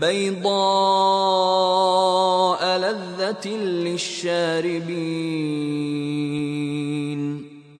بيضاء لذة للشاربين